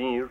15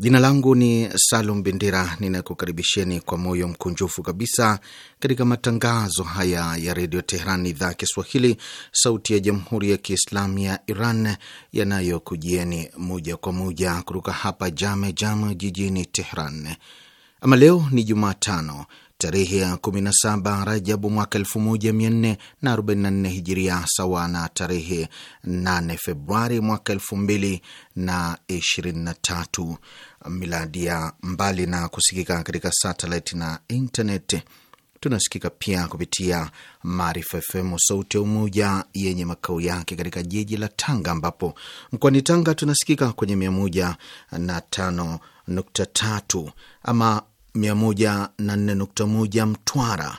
Jina langu ni Salum Bendera, ninakukaribisheni kwa moyo mkunjufu kabisa katika matangazo haya ya redio Teheran, idhaa ya Kiswahili, sauti ya jamhuri ya kiislamu ya Iran, yanayokujieni moja kwa moja kutoka hapa Jame Jame jijini Teheran. Ama leo ni Jumatano tarehe ya 17 Rajabu mwaka 1444 Hijiria, sawa na tarehe 8 Februari mwaka 2023 miladia, mbali na kusikika katika satellite na intaneti tunasikika pia kupitia Maarifa FM sauti ya Umoja yenye makao yake katika jiji la Tanga, ambapo mkoani Tanga tunasikika kwenye mia moja na tano nukta tatu ama mia moja na nne nukta moja Mtwara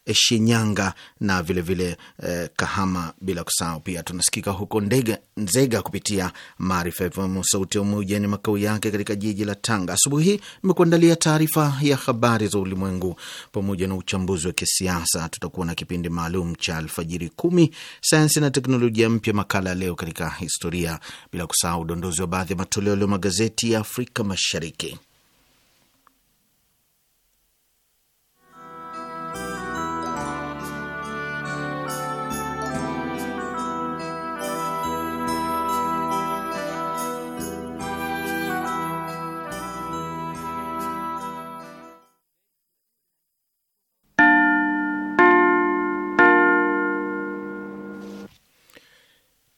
Shinyanga na vilevile vile, eh, Kahama, bila kusahau pia tunasikika huko ndege Nzega kupitia Maarifa FM sauti ya Umoja ni makao yake katika jiji la Tanga. Asubuhi hii imekuandalia taarifa ya habari za ulimwengu pamoja na uchambuzi wa kisiasa. Tutakuwa na kipindi maalum cha alfajiri kumi, sayansi na teknolojia mpya, makala ya leo katika historia, bila kusahau udondozi wa baadhi ya matoleo leo magazeti ya Afrika Mashariki.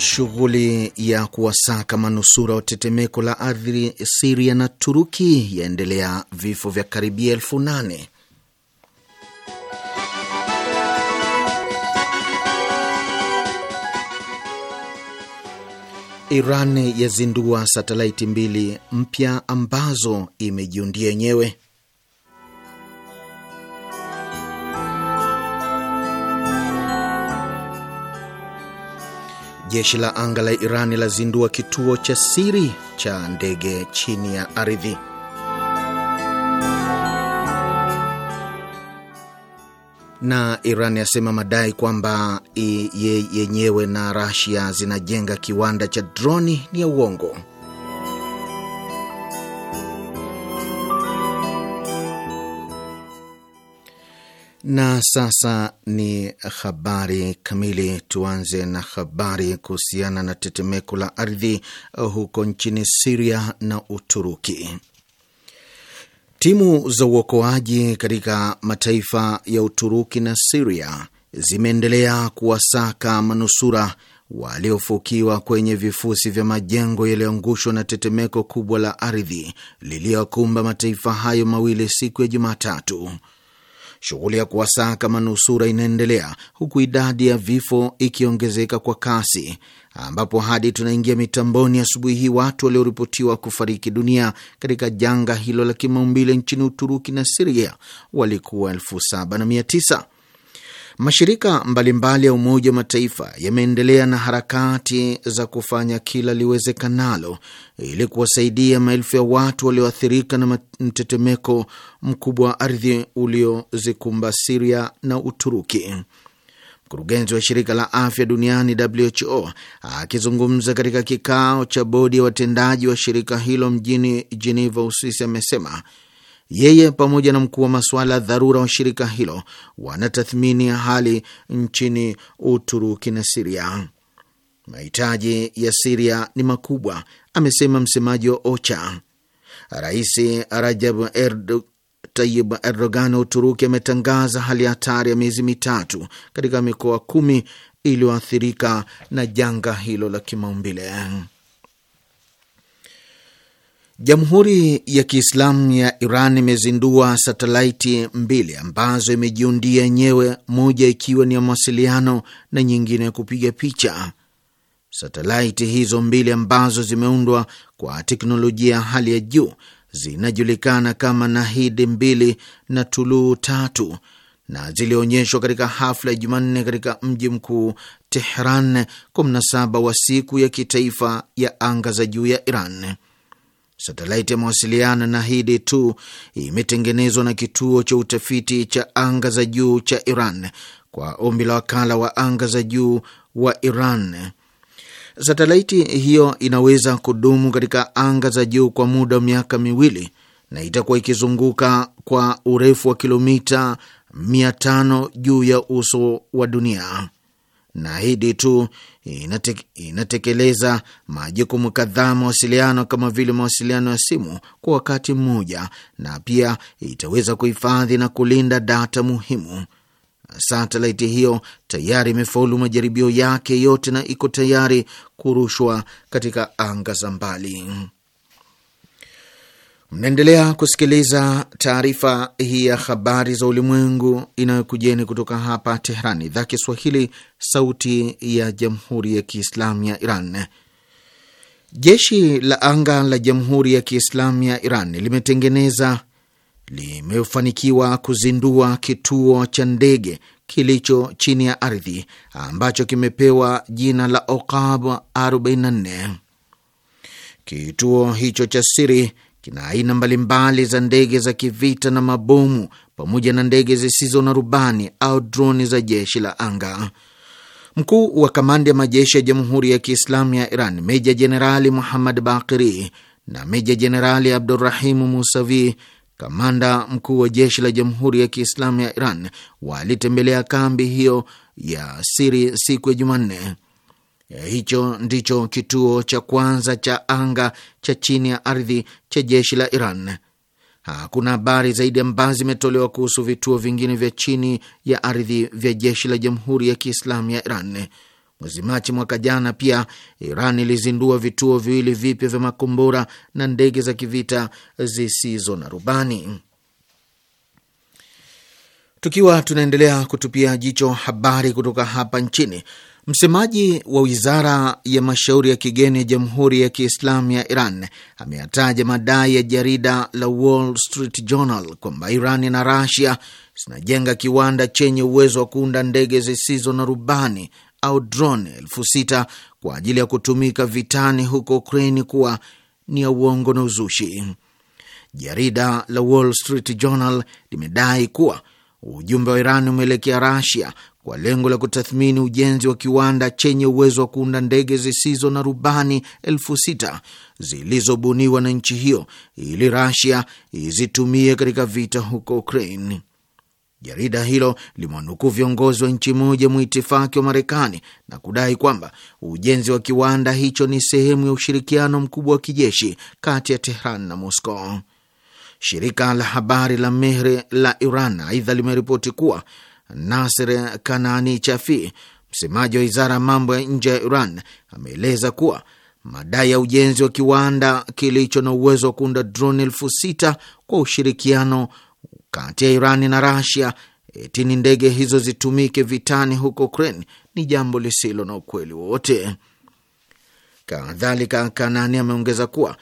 Shughuli ya kuwasaka manusura wa tetemeko la ardhi Siria na Turuki yaendelea, vifo vya karibia elfu nane. Iran yazindua satelaiti mbili mpya ambazo imejiundia yenyewe. Jeshi la anga la Irani lazindua kituo cha siri cha ndege chini ya ardhi. Na Iran yasema madai kwamba yenyewe na Rasia zinajenga kiwanda cha droni ni ya uongo. Na sasa ni habari kamili. Tuanze na habari kuhusiana na tetemeko la ardhi huko nchini Siria na Uturuki. Timu za uokoaji katika mataifa ya Uturuki na Siria zimeendelea kuwasaka manusura waliofukiwa kwenye vifusi vya majengo yaliyoangushwa na tetemeko kubwa la ardhi liliyokumba mataifa hayo mawili siku ya Jumatatu shughuli ya kuwasaka manusura inaendelea huku idadi ya vifo ikiongezeka kwa kasi, ambapo hadi tunaingia mitamboni asubuhi hii watu walioripotiwa kufariki dunia katika janga hilo la kimaumbile nchini Uturuki na Siria walikuwa elfu saba na mia tisa. Mashirika mbalimbali mbali ya Umoja wa Mataifa yameendelea na harakati za kufanya kila liwezekanalo ili kuwasaidia maelfu ya watu walioathirika na mtetemeko mkubwa wa ardhi uliozikumba Siria na Uturuki. Mkurugenzi wa shirika la afya duniani WHO akizungumza katika kikao cha bodi ya watendaji wa shirika hilo mjini Geneva, Uswisi, amesema yeye pamoja na mkuu wa masuala ya dharura wa shirika hilo wanatathmini hali nchini Uturuki na Siria. Mahitaji ya Siria ni makubwa, amesema msemaji wa OCHA. Rais Rajab Erdo, Tayib Erdogan wa Uturuki ametangaza hali ya hatari ya miezi mitatu katika mikoa kumi iliyoathirika na janga hilo la kimaumbile. Jamhuri ya Kiislamu ya Iran imezindua satelaiti mbili ambazo imejiundia yenyewe, moja ikiwa ni ya mawasiliano na nyingine ya kupiga picha. Satelaiti hizo mbili ambazo zimeundwa kwa teknolojia ya hali ya juu zinajulikana kama Nahidi mbili na Tuluu tatu na zilionyeshwa katika hafla ya Jumanne katika mji mkuu Tehran kwa mnasaba wa siku ya kitaifa ya anga za juu ya Iran. Satelaiti ya mawasiliano na hidi tu imetengenezwa na kituo cha utafiti cha anga za juu cha Iran kwa ombi la wakala wa anga za juu wa Iran. Satelaiti hiyo inaweza kudumu katika anga za juu kwa muda wa miaka miwili na itakuwa ikizunguka kwa urefu wa kilomita 500 juu ya uso wa dunia na hidi tu inateke, inatekeleza majukumu kadhaa mawasiliano kama vile mawasiliano ya simu kwa wakati mmoja, na pia itaweza kuhifadhi na kulinda data muhimu. Satelaiti hiyo tayari imefaulu majaribio yake yote na iko tayari kurushwa katika anga za mbali. Mnaendelea kusikiliza taarifa hii ya habari za ulimwengu inayokujeni kutoka hapa Teherani, idhaa Kiswahili, sauti ya jamhuri ya kiislamu ya Iran. Jeshi la anga la jamhuri ya kiislamu ya Iran limetengeneza limefanikiwa kuzindua kituo cha ndege kilicho chini ya ardhi ambacho kimepewa jina la Okab 44. Kituo hicho cha siri kina aina mbalimbali za ndege za kivita na mabomu pamoja na ndege zisizo na rubani au droni za jeshi la anga. Mkuu wa kamanda ya majeshi ya Jamhuri ya Kiislamu ya Iran Meja Jenerali Muhammad Bakiri na Meja Jenerali Abdurahimu Musavi, kamanda mkuu wa jeshi la Jamhuri ya Kiislamu ya Iran, walitembelea kambi hiyo ya siri siku ya Jumanne. Hicho ndicho kituo cha kwanza cha anga cha chini ya ardhi cha jeshi la Iran. Hakuna habari zaidi ambazo zimetolewa kuhusu vituo vingine vya chini ya ardhi vya jeshi la Jamhuri ya Kiislamu ya Iran. Mwezi Machi mwaka jana, pia Iran ilizindua vituo viwili vipya vya makombora na ndege za kivita zisizo na rubani. Tukiwa tunaendelea kutupia jicho habari kutoka hapa nchini, Msemaji wa wizara ya mashauri ya kigeni ya Jamhuri ya Kiislamu ya Iran ameyataja madai ya jarida la Wall Street Journal kwamba Iran na Rasia zinajenga kiwanda chenye uwezo wa kuunda ndege zisizo na rubani au drone elfu sita kwa ajili ya kutumika vitani huko Ukraini kuwa ni ya uongo na uzushi. Jarida la Wall Street Journal limedai kuwa ujumbe wa Iran umeelekea Rasia kwa lengo la kutathmini ujenzi wa kiwanda chenye uwezo wa kuunda ndege zisizo na rubani elfu sita zilizobuniwa na nchi hiyo ili Rasia izitumie katika vita huko Ukraine. Jarida hilo limewanukuu viongozi wa nchi moja mwitifaki wa Marekani na kudai kwamba ujenzi wa kiwanda hicho ni sehemu ya ushirikiano mkubwa wa kijeshi kati ya Tehran na Moscow. Shirika la habari la Mehre la Iran aidha limeripoti kuwa Nasir Kanani Chafi, msemaji wa wizara ya mambo ya nje ya Iran, ameeleza kuwa madai ya ujenzi wa kiwanda kilicho na uwezo wa kuunda droni elfu sita kwa ushirikiano kati ya Irani na Rasia etini ndege hizo zitumike vitani huko Ukraine ni jambo lisilo na ukweli wowote. Kadhalika, Kanani ameongeza kuwa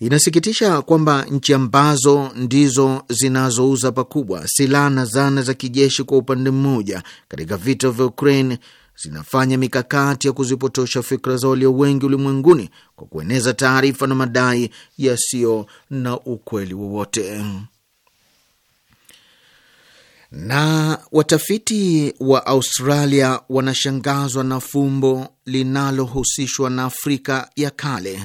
Inasikitisha kwamba nchi ambazo ndizo zinazouza pakubwa silaha na zana za kijeshi kwa upande mmoja katika vita vya Ukraine zinafanya mikakati ya kuzipotosha fikra za walio wengi ulimwenguni kwa kueneza taarifa na madai yasiyo na ukweli wowote. Na watafiti wa Australia wanashangazwa na fumbo linalohusishwa na Afrika ya kale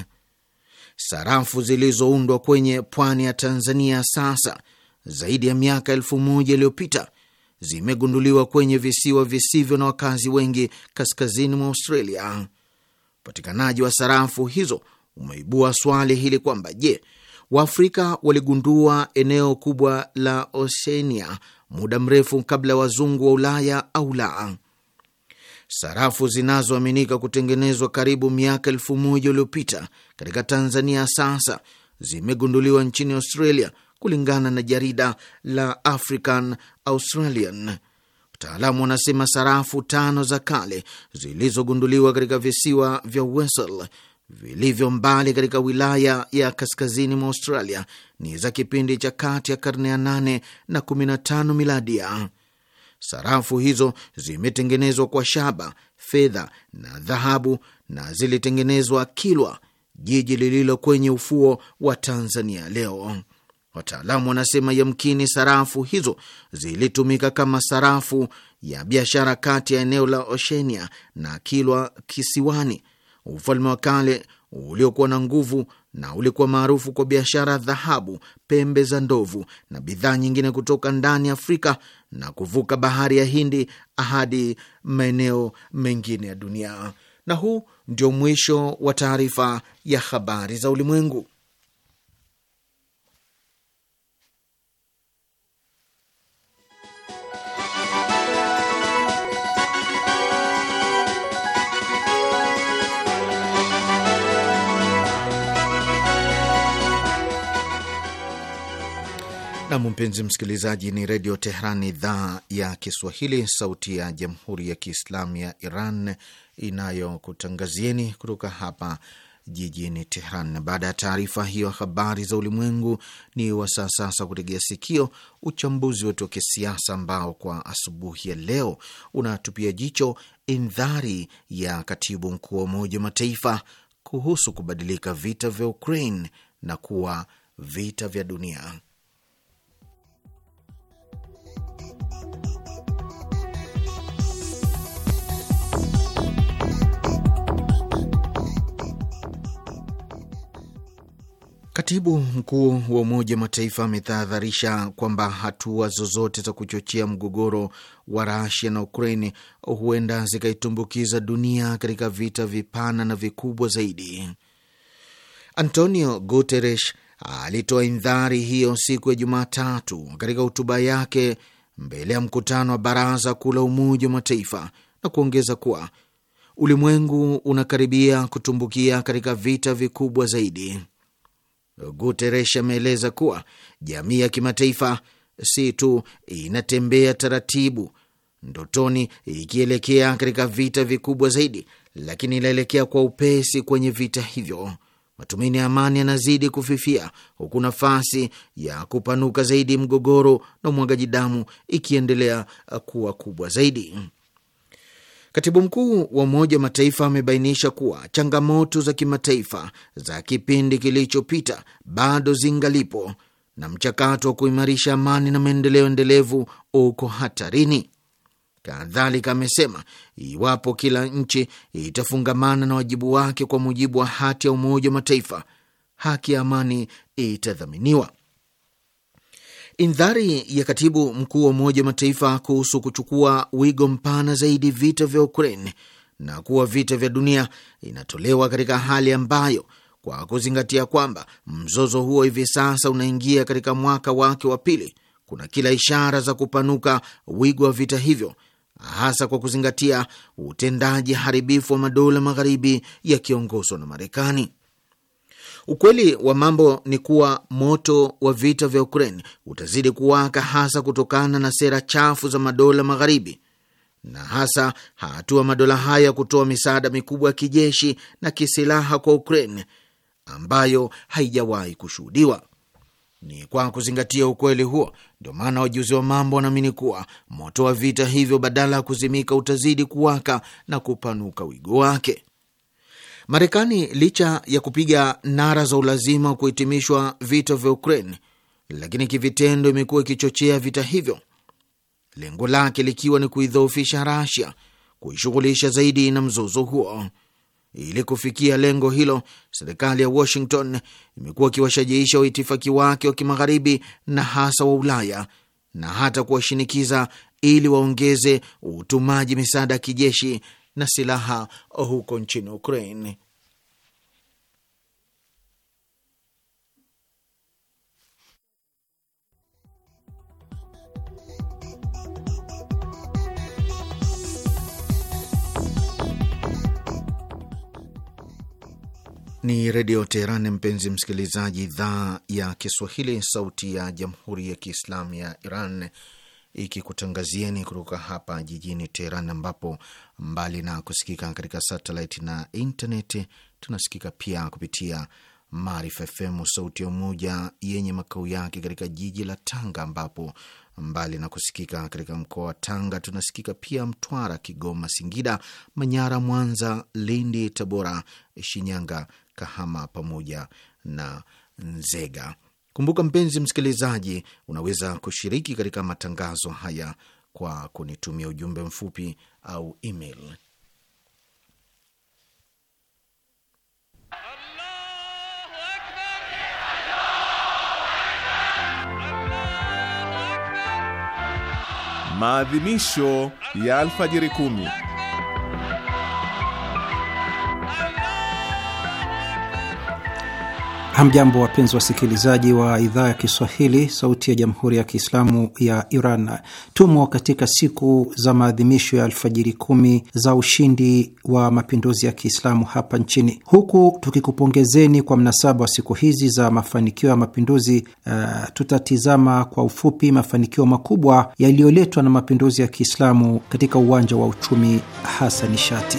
sarafu zilizoundwa kwenye pwani ya Tanzania sasa zaidi ya miaka elfu moja iliyopita zimegunduliwa kwenye visiwa visivyo na wakazi wengi kaskazini mwa Australia. Upatikanaji wa sarafu hizo umeibua swali hili kwamba je, Waafrika waligundua eneo kubwa la Oceania muda mrefu kabla ya wazungu wa Ulaya au la? sarafu zinazoaminika kutengenezwa karibu miaka elfu moja uliopita katika Tanzania sasa zimegunduliwa nchini Australia, kulingana na jarida la African Australian. Wataalamu wanasema sarafu tano za kale zilizogunduliwa katika visiwa vya Wessel vilivyo mbali katika wilaya ya kaskazini mwa Australia ni za kipindi cha kati ya karne ya 8 na 15 miladia. Sarafu hizo zimetengenezwa kwa shaba, fedha na dhahabu na zilitengenezwa Kilwa, jiji lililo kwenye ufuo wa Tanzania leo. Wataalamu wanasema yamkini sarafu hizo zilitumika kama sarafu ya biashara kati ya eneo la Oshenia na Kilwa kisiwani. Ufalme wa kale uliokuwa na nguvu na ulikuwa maarufu kwa biashara ya dhahabu, pembe za ndovu na bidhaa nyingine kutoka ndani Afrika na kuvuka bahari ya Hindi hadi maeneo mengine ya dunia. Na huu ndio mwisho wa taarifa ya habari za ulimwengu. Nam, mpenzi msikilizaji, ni Redio Tehran, idhaa ya Kiswahili, sauti ya Jamhuri ya Kiislamu ya Iran inayokutangazieni kutoka hapa jijini Tehran. Baada ya taarifa hiyo habari za ulimwengu, ni wasaa sasa kutegea sikio uchambuzi wetu wa kisiasa ambao kwa asubuhi ya leo unatupia jicho indhari ya katibu mkuu wa Umoja wa Mataifa kuhusu kubadilika vita vya Ukraine na kuwa vita vya dunia. Katibu mkuu wa Umoja wa Mataifa ametahadharisha kwamba hatua zozote za kuchochea mgogoro wa Rasia na Ukraini huenda zikaitumbukiza dunia katika vita vipana na vikubwa zaidi. Antonio Guterres alitoa indhari hiyo siku ya Jumatatu katika hotuba yake mbele ya mkutano wa Baraza Kuu la Umoja wa Mataifa na kuongeza kuwa ulimwengu unakaribia kutumbukia katika vita vikubwa zaidi. Guterres ameeleza kuwa jamii ya kimataifa si tu inatembea taratibu ndotoni ikielekea katika vita vikubwa zaidi, lakini inaelekea kwa upesi kwenye vita hivyo. Matumaini ya amani yanazidi kufifia, huku nafasi ya kupanuka zaidi mgogoro na umwagaji damu ikiendelea kuwa kubwa zaidi. Katibu mkuu wa Umoja wa Mataifa amebainisha kuwa changamoto za kimataifa za kipindi kilichopita bado zingalipo na mchakato wa kuimarisha amani na maendeleo endelevu uko hatarini. Kadhalika amesema iwapo kila nchi itafungamana na wajibu wake kwa mujibu wa hati ya Umoja wa Mataifa, haki ya amani itadhaminiwa. Indhari ya katibu mkuu wa Umoja wa Mataifa kuhusu kuchukua wigo mpana zaidi vita vya Ukraine na kuwa vita vya dunia inatolewa katika hali ambayo kwa kuzingatia kwamba mzozo huo hivi sasa unaingia katika mwaka wake wa pili, kuna kila ishara za kupanuka wigo wa vita hivyo, hasa kwa kuzingatia utendaji haribifu wa madola magharibi yakiongozwa na Marekani. Ukweli wa mambo ni kuwa moto wa vita vya Ukraine utazidi kuwaka, hasa kutokana na sera chafu za madola magharibi na hasa hatua madola haya kutoa misaada mikubwa ya kijeshi na kisilaha kwa Ukraine ambayo haijawahi kushuhudiwa. Ni kwa kuzingatia ukweli huo, ndio maana wajuzi wa mambo wanaamini kuwa moto wa vita hivyo, badala ya kuzimika, utazidi kuwaka na kupanuka wigo wake. Marekani licha ya kupiga nara za ulazima wa kuhitimishwa vita vya Ukraine, lakini kivitendo imekuwa ikichochea vita hivyo, lengo lake likiwa ni kuidhoofisha Rasia, kuishughulisha zaidi na mzozo huo. Ili kufikia lengo hilo, serikali ya Washington imekuwa ikiwashajiisha waitifaki wake wa kimagharibi na hasa wa Ulaya na hata kuwashinikiza ili waongeze utumaji misaada ya kijeshi na silaha huko nchini Ukraine. Ni Redio Teheran, mpenzi msikilizaji, idhaa ya Kiswahili, sauti ya Jamhuri ya Kiislamu ya Iran ikikutangazieni kutoka hapa jijini Teheran, ambapo mbali na kusikika katika satellite na intaneti, tunasikika pia kupitia Maarifa FM sauti ya Umoja yenye makao yake katika jiji la Tanga, ambapo mbali na kusikika katika mkoa wa Tanga tunasikika pia Mtwara, Kigoma, Singida, Manyara, Mwanza, Lindi, Tabora, Shinyanga, Kahama pamoja na Nzega. Kumbuka mpenzi msikilizaji, unaweza kushiriki katika matangazo haya kwa kunitumia ujumbe mfupi au email. Maadhimisho ya alfajiri kumi. Hamjambo, wapenzi wasikilizaji wa idhaa ya Kiswahili, sauti ya jamhuri ya kiislamu ya Iran. Tumo katika siku za maadhimisho ya alfajiri kumi za ushindi wa mapinduzi ya Kiislamu hapa nchini, huku tukikupongezeni kwa mnasaba wa siku hizi za mafanikio ya mapinduzi. Uh, tutatizama kwa ufupi mafanikio makubwa yaliyoletwa na mapinduzi ya Kiislamu katika uwanja wa uchumi, hasa nishati.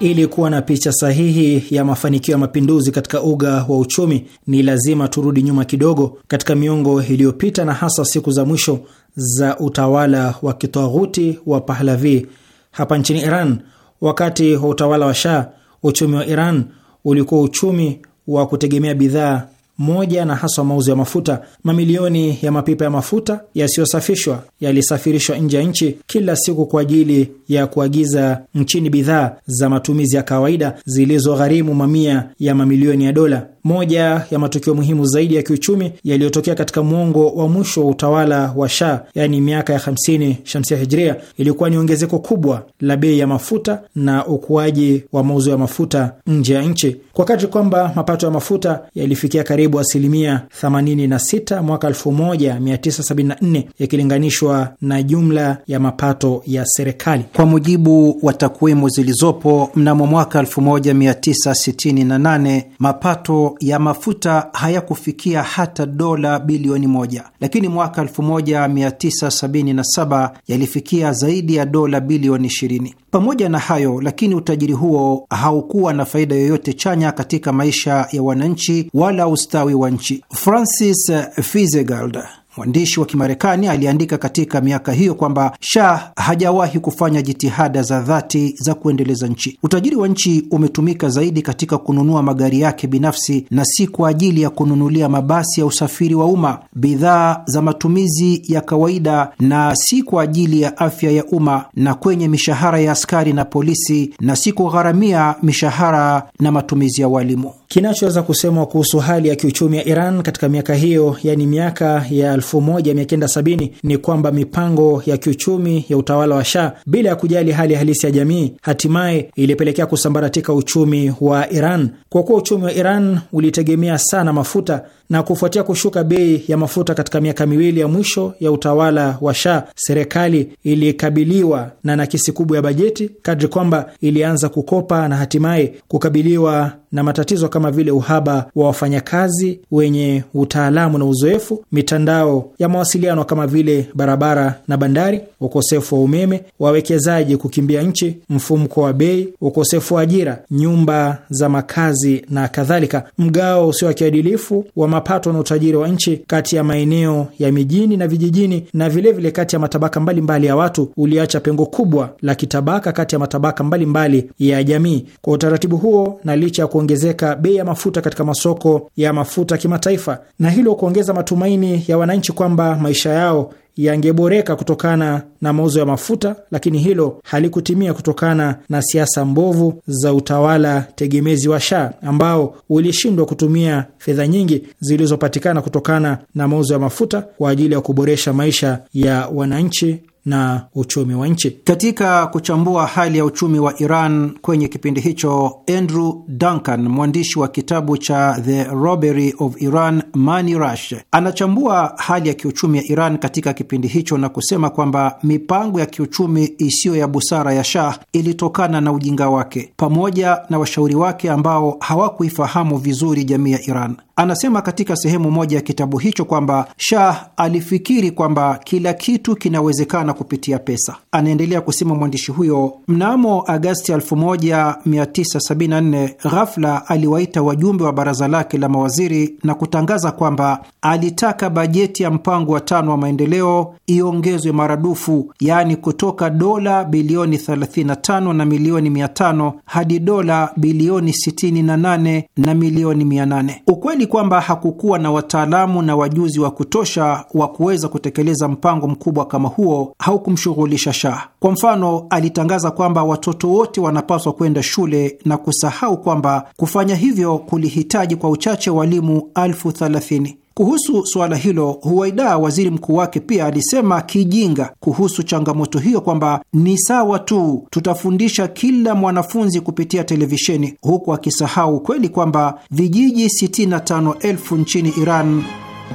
Ili kuwa na picha sahihi ya mafanikio ya mapinduzi katika uga wa uchumi, ni lazima turudi nyuma kidogo katika miongo iliyopita na hasa siku za mwisho za utawala wa kitwaghuti wa Pahlavi hapa nchini Iran. Wakati wa utawala wa Shah, uchumi wa Iran ulikuwa uchumi wa kutegemea bidhaa moja na haswa mauzo ya mafuta. Mamilioni ya mapipa ya mafuta yasiyosafishwa yalisafirishwa nje ya nchi kila siku kwa ajili ya kuagiza nchini bidhaa za matumizi ya kawaida zilizogharimu mamia ya mamilioni ya dola moja ya matukio muhimu zaidi ya kiuchumi yaliyotokea katika mwongo wa mwisho wa utawala wa Shah, yaani miaka ya 50 Shamsia Hijria, ilikuwa ni ongezeko kubwa la bei ya mafuta na ukuaji wa mauzo ya mafuta nje ya nchi, kwa kati kwamba mapato ya mafuta yalifikia karibu asilimia 86 mwaka 1974 yakilinganishwa na jumla ya mapato ya serikali. Kwa mujibu wa takwimu zilizopo, mnamo mwaka 1968 mapato ya mafuta hayakufikia hata dola bilioni moja, lakini mwaka 1977 yalifikia zaidi ya dola bilioni 20. Pamoja na hayo lakini, utajiri huo haukuwa na faida yoyote chanya katika maisha ya wananchi wala ustawi wa nchi. Francis Fitzgerald Mwandishi wa Kimarekani aliandika katika miaka hiyo kwamba Shah hajawahi kufanya jitihada za dhati za kuendeleza nchi. Utajiri wa nchi umetumika zaidi katika kununua magari yake binafsi na si kwa ajili ya kununulia mabasi ya usafiri wa umma, bidhaa za matumizi ya kawaida, na si kwa ajili ya afya ya umma, na kwenye mishahara ya askari na polisi, na si kugharamia mishahara na matumizi ya walimu. Kinachoweza kusemwa kuhusu hali ya kiuchumi ya Iran katika miaka hiyo, yani miaka ya 1970 ni kwamba mipango ya kiuchumi ya utawala wa Shah bila ya kujali hali halisi ya jamii, hatimaye ilipelekea kusambaratika uchumi wa Iran. Kwa kuwa uchumi wa Iran ulitegemea sana mafuta, na kufuatia kushuka bei ya mafuta katika miaka miwili ya mwisho ya utawala wa Shah, serikali ilikabiliwa na nakisi kubwa ya bajeti kadri kwamba ilianza kukopa na hatimaye kukabiliwa na matatizo kama vile uhaba wa wafanyakazi wenye utaalamu na uzoefu, mitandao ya mawasiliano kama vile barabara na bandari, ukosefu wa umeme, wawekezaji kukimbia nchi, mfumko wa bei, ukosefu wa ajira, nyumba za makazi na kadhalika. Mgao usio wa kiadilifu wa mapato na utajiri wa nchi kati ya maeneo ya mijini na vijijini, na vilevile vile kati ya matabaka mbalimbali mbali ya watu, uliacha pengo kubwa la kitabaka kati ya matabaka mbalimbali mbali ya jamii. Kwa utaratibu huo na licha ya kuongezeka bei ya mafuta katika masoko ya mafuta kimataifa, na hilo kuongeza matumaini ya wananchi kwamba maisha yao yangeboreka kutokana na mauzo ya mafuta, lakini hilo halikutimia kutokana na siasa mbovu za utawala tegemezi wa Shah ambao ulishindwa kutumia fedha nyingi zilizopatikana kutokana na mauzo ya mafuta kwa ajili ya kuboresha maisha ya wananchi na uchumi wa nchi. Katika kuchambua hali ya uchumi wa Iran kwenye kipindi hicho, Andrew Duncan, mwandishi wa kitabu cha The Robbery of Iran Money Rush, anachambua hali ya kiuchumi ya Iran katika kipindi hicho na kusema kwamba mipango ya kiuchumi isiyo ya busara ya Shah ilitokana na ujinga wake pamoja na washauri wake ambao hawakuifahamu vizuri jamii ya Iran. Anasema katika sehemu moja ya kitabu hicho kwamba Shah alifikiri kwamba kila kitu kinawezekana kupitia pesa. Anaendelea kusema mwandishi huyo, mnamo Agasti 1974 ghafla aliwaita wajumbe wa baraza lake la mawaziri na kutangaza kwamba alitaka bajeti ya mpango wa tano wa maendeleo iongezwe maradufu, yaani kutoka dola bilioni 35 na milioni 500 hadi dola bilioni 68 na milioni 800. Ukweli ni kwamba hakukuwa na wataalamu na wajuzi wa kutosha wa kuweza kutekeleza mpango mkubwa kama huo, haukumshughulisha Shah. Kwa mfano, alitangaza kwamba watoto wote wanapaswa kwenda shule na kusahau kwamba kufanya hivyo kulihitaji kwa uchache walimu elfu thelathini. Kuhusu suala hilo, Huwaida waziri mkuu wake pia alisema kijinga kuhusu changamoto hiyo kwamba ni sawa tu, tutafundisha kila mwanafunzi kupitia televisheni, huku akisahau ukweli kwamba vijiji 65,000 nchini Iran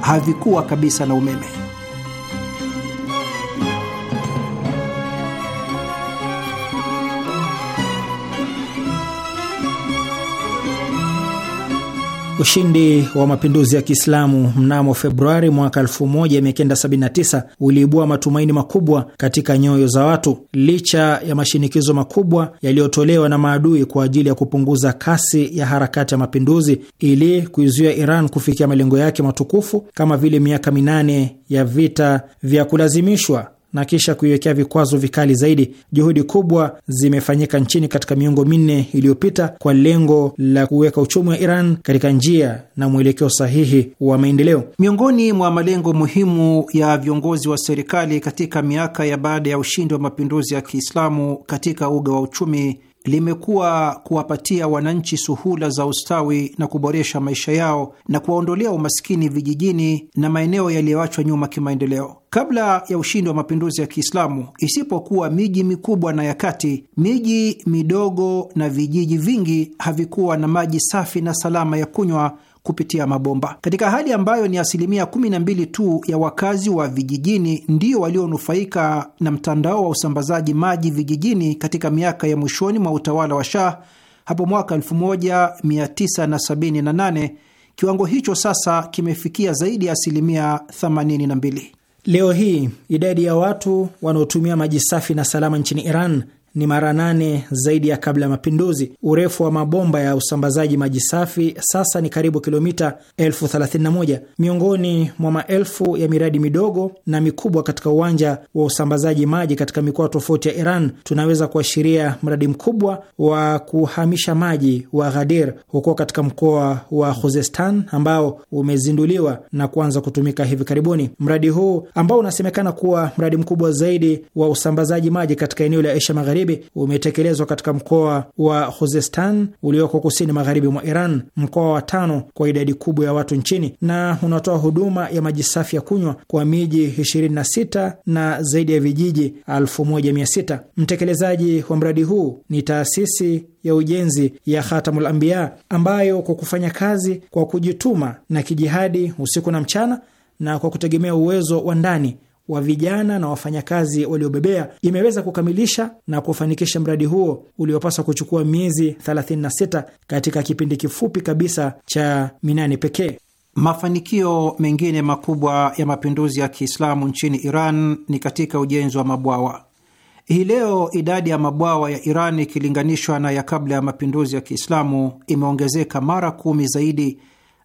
havikuwa kabisa na umeme. Ushindi wa mapinduzi ya Kiislamu mnamo Februari mwaka 1979 uliibua matumaini makubwa katika nyoyo za watu, licha ya mashinikizo makubwa yaliyotolewa na maadui kwa ajili ya kupunguza kasi ya harakati ya mapinduzi ili kuizuia Iran kufikia malengo yake matukufu kama vile miaka minane ya vita vya kulazimishwa na kisha kuiwekea vikwazo vikali zaidi. Juhudi kubwa zimefanyika nchini katika miongo minne iliyopita kwa lengo la kuweka uchumi wa Iran katika njia na mwelekeo sahihi wa maendeleo. Miongoni mwa malengo muhimu ya viongozi wa serikali katika miaka ya baada ya ushindi wa mapinduzi ya Kiislamu katika uga wa uchumi limekuwa kuwapatia wananchi suhula za ustawi na kuboresha maisha yao na kuwaondolea umaskini vijijini na maeneo yaliyoachwa nyuma kimaendeleo. Kabla ya ushindi wa mapinduzi ya Kiislamu, isipokuwa miji mikubwa na ya kati, miji midogo na vijiji vingi havikuwa na maji safi na salama ya kunywa kupitia mabomba, katika hali ambayo ni asilimia 12 tu ya wakazi wa vijijini ndio walionufaika na mtandao wa usambazaji maji vijijini katika miaka ya mwishoni mwa utawala wa Shah hapo mwaka 1978. Kiwango hicho sasa kimefikia zaidi ya asilimia 82. Leo hii idadi ya watu wanaotumia maji safi na salama nchini Iran ni mara nane zaidi ya kabla ya mapinduzi. Urefu wa mabomba ya usambazaji maji safi sasa ni karibu kilomita elfu 31. Miongoni mwa maelfu ya miradi midogo na mikubwa katika uwanja wa usambazaji maji katika mikoa tofauti ya Iran, tunaweza kuashiria mradi mkubwa wa kuhamisha maji wa Ghadir huko katika mkoa wa Khuzestan ambao umezinduliwa na kuanza kutumika hivi karibuni. Mradi huu ambao unasemekana kuwa mradi mkubwa zaidi wa usambazaji maji katika eneo la Asia Magharibi Magharibi umetekelezwa katika mkoa wa Khuzestan ulioko kusini magharibi mwa Iran, mkoa wa tano kwa idadi kubwa ya watu nchini, na unatoa huduma ya maji safi ya kunywa kwa miji 26 na zaidi ya vijiji 1600. Mtekelezaji wa mradi huu ni taasisi ya ujenzi ya Khatamul Anbiya ambayo kwa kufanya kazi kwa kujituma na kijihadi usiku na mchana na kwa kutegemea uwezo wa ndani wa vijana na wafanyakazi waliobebea imeweza kukamilisha na kufanikisha mradi huo uliopaswa kuchukua miezi 36 katika kipindi kifupi kabisa cha minane pekee. Mafanikio mengine makubwa ya mapinduzi ya Kiislamu nchini Iran ni katika ujenzi wa mabwawa. Hii leo idadi ya mabwawa ya Iran ikilinganishwa na ya kabla ya mapinduzi ya Kiislamu imeongezeka mara kumi zaidi,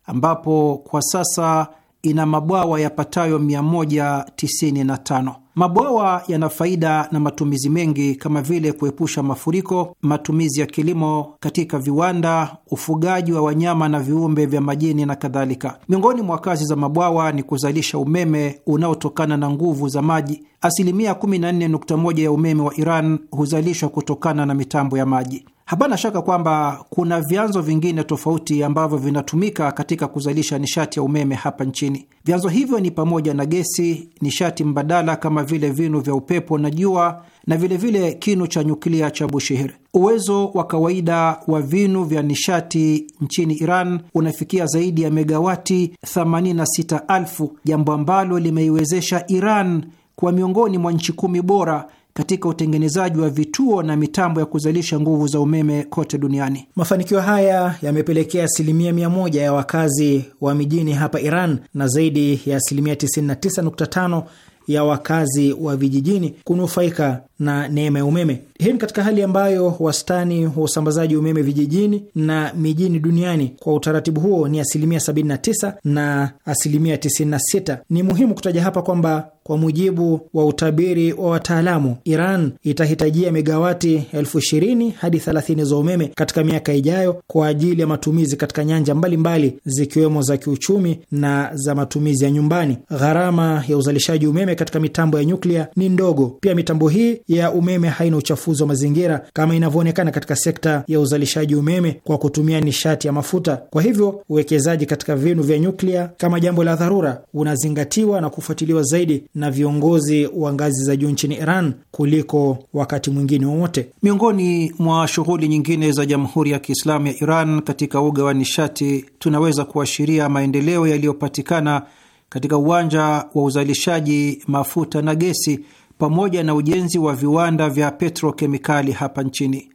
ambapo kwa sasa ina mabwawa yapatayo 195. Mabwawa yana faida na matumizi mengi kama vile kuepusha mafuriko, matumizi ya kilimo katika viwanda, ufugaji wa wanyama na viumbe vya majini na kadhalika. Miongoni mwa kazi za mabwawa ni kuzalisha umeme unaotokana na nguvu za maji. Asilimia 14.1 ya umeme wa Iran huzalishwa kutokana na mitambo ya maji. Hapana shaka kwamba kuna vyanzo vingine tofauti ambavyo vinatumika katika kuzalisha nishati ya umeme hapa nchini. Vyanzo hivyo ni pamoja na gesi, nishati mbadala kama vile vinu vya upepo na jua, na vilevile vile kinu cha nyuklia cha Bushehir. Uwezo wa kawaida wa vinu vya nishati nchini Iran unafikia zaidi ya megawati 86,000, jambo ambalo limeiwezesha Iran kwa miongoni mwa nchi kumi bora katika utengenezaji wa vituo na mitambo ya kuzalisha nguvu za umeme kote duniani. Mafanikio haya yamepelekea asilimia mia moja ya wakazi wa mijini hapa Iran na zaidi ya asilimia 99.5 ya wakazi wa vijijini kunufaika na neema ya umeme. Hii ni katika hali ambayo wastani wa usambazaji umeme vijijini na mijini duniani kwa utaratibu huo ni asilimia 79 na asilimia 96. Ni muhimu kutaja hapa kwamba kwa mujibu wa utabiri wa wataalamu, Iran itahitajia megawati elfu ishirini hadi 30 za umeme katika miaka ijayo kwa ajili ya matumizi katika nyanja mbalimbali mbali, zikiwemo za kiuchumi na za matumizi ya nyumbani. Gharama ya uzalishaji umeme katika mitambo ya nyuklia ni ndogo. Pia mitambo hii ya umeme haina uchafuzi wa mazingira kama inavyoonekana katika sekta ya uzalishaji umeme kwa kutumia nishati ya mafuta. Kwa hivyo uwekezaji katika vinu vya nyuklia kama jambo la dharura unazingatiwa na kufuatiliwa zaidi na viongozi wa ngazi za juu nchini Iran kuliko wakati mwingine wowote. Miongoni mwa shughuli nyingine za Jamhuri ya Kiislamu ya Iran katika uga wa nishati, tunaweza kuashiria maendeleo yaliyopatikana katika uwanja wa uzalishaji mafuta na gesi pamoja na ujenzi wa viwanda vya petrokemikali hapa nchini.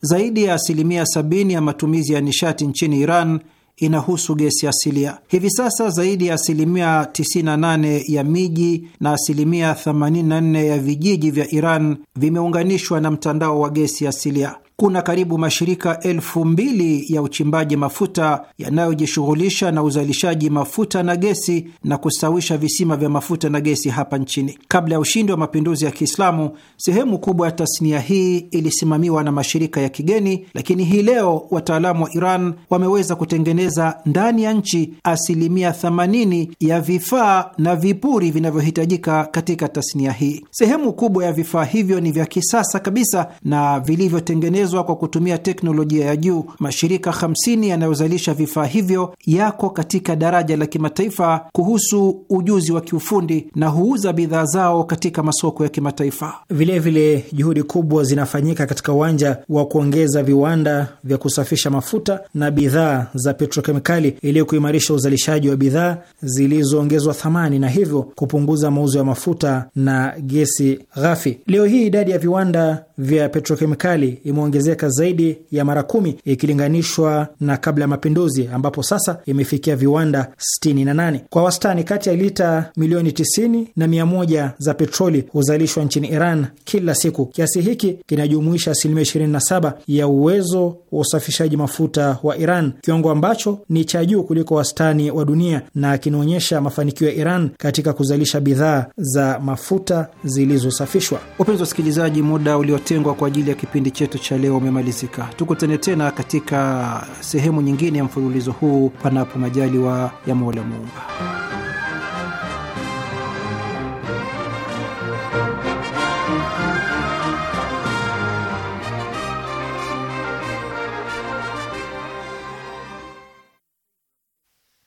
Zaidi ya asilimia 70 ya matumizi ya nishati nchini Iran inahusu gesi asilia. Hivi sasa zaidi ya asilimia 98 ya miji na asilimia 84 ya vijiji vya Iran vimeunganishwa na mtandao wa gesi asilia kuna karibu mashirika elfu mbili ya uchimbaji mafuta yanayojishughulisha na uzalishaji mafuta na gesi na kustawisha visima vya mafuta na gesi hapa nchini. Kabla ya ushindi wa mapinduzi ya Kiislamu, sehemu kubwa ya tasnia hii ilisimamiwa na mashirika ya kigeni, lakini hii leo wataalamu wa Iran wameweza kutengeneza ndani ya nchi asilimia 80 ya vifaa na vipuri vinavyohitajika katika tasnia hii. Sehemu kubwa ya vifaa hivyo ni vya kisasa kabisa na vilivyotengenezwa kutengenezwa kwa kutumia teknolojia ya juu. Mashirika 50 yanayozalisha vifaa hivyo yako katika daraja la kimataifa kuhusu ujuzi wa kiufundi na huuza bidhaa zao katika masoko ya kimataifa. Vilevile, juhudi kubwa zinafanyika katika uwanja wa kuongeza viwanda vya kusafisha mafuta na bidhaa za petrokemikali ili kuimarisha uzalishaji wa bidhaa zilizoongezwa thamani na hivyo kupunguza mauzo ya mafuta na gesi ghafi. Leo hii idadi ya viwanda vya petrokemikali imeongezeka imeongezeka zaidi ya mara kumi ikilinganishwa na kabla ya mapinduzi, ambapo sasa imefikia viwanda 68. Kwa wastani kati ya lita milioni 90 na 100 za petroli huzalishwa nchini Iran kila siku. Kiasi hiki kinajumuisha asilimia 27 ya uwezo wa usafishaji mafuta wa Iran, kiwango ambacho ni cha juu kuliko wastani wa dunia na kinaonyesha mafanikio ya Iran katika kuzalisha bidhaa za mafuta zilizosafishwa. Wapenzi wasikilizaji, muda uliotengwa kwa ajili ya kipindi chetu cha leo leo umemalizika. Tukutane tena katika sehemu nyingine ya mfululizo huu, panapo majaliwa ya Mola Muumba.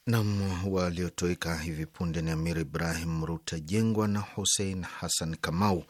Nam, waliotoweka hivi punde ni Amir Ibrahim ruta jengwa na Hussein Hassan Kamau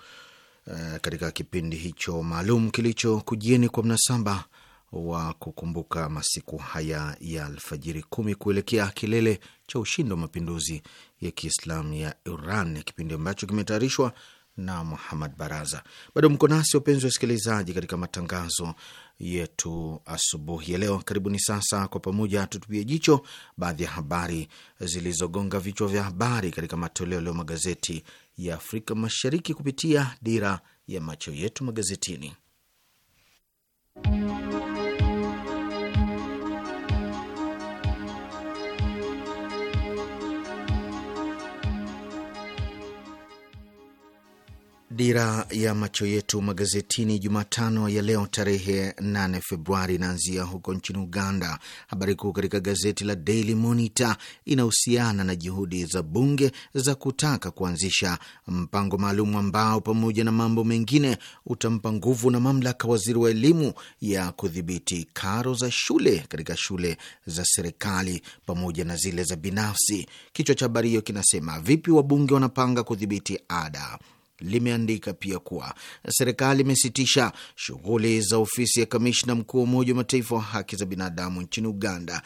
Eh, katika kipindi hicho maalum kilichokujieni kwa mnasaba wa kukumbuka masiku haya ya alfajiri kumi kuelekea kilele cha ushindi wa mapinduzi ya Kiislamu ya Iran, kipindi ambacho kimetayarishwa na Muhammad Baraza. Bado mko nasi wapenzi wasikilizaji, katika matangazo yetu asubuhi ya leo. Karibuni sasa, kwa pamoja tutupie jicho baadhi ya habari zilizogonga vichwa vya habari katika matoleo leo magazeti ya Afrika Mashariki kupitia dira ya macho yetu magazetini. Dira ya macho yetu magazetini Jumatano ya leo tarehe 8 Februari inaanzia huko nchini Uganda. Habari kuu katika gazeti la Daily Monitor inahusiana na juhudi za bunge za kutaka kuanzisha mpango maalum ambao pamoja na mambo mengine utampa nguvu na mamlaka waziri wa elimu ya kudhibiti karo za shule katika shule za serikali pamoja na zile za binafsi. Kichwa cha habari hiyo kinasema vipi wabunge wanapanga kudhibiti ada limeandika pia kuwa serikali imesitisha shughuli za ofisi ya kamishna mkuu wa Umoja wa Mataifa wa haki za binadamu nchini Uganda.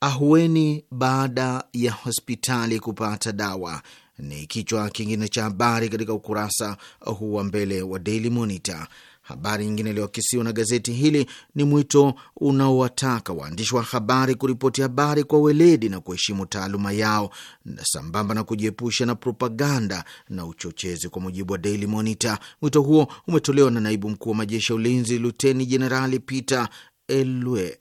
Ahueni baada ya hospitali kupata dawa ni kichwa kingine cha habari katika ukurasa huu wa mbele wa Daily Monitor. Habari nyingine iliyoakisiwa na gazeti hili ni mwito unaowataka waandishi wa habari kuripoti habari kwa weledi na kuheshimu taaluma yao na sambamba na kujiepusha na propaganda na uchochezi. Kwa mujibu wa Daily Monitor, mwito huo umetolewa na naibu mkuu wa majeshi ya ulinzi Luteni Jenerali Peter Elwe